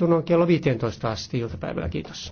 Tunnon kello 15 asti iltapäivällä. Kiitos.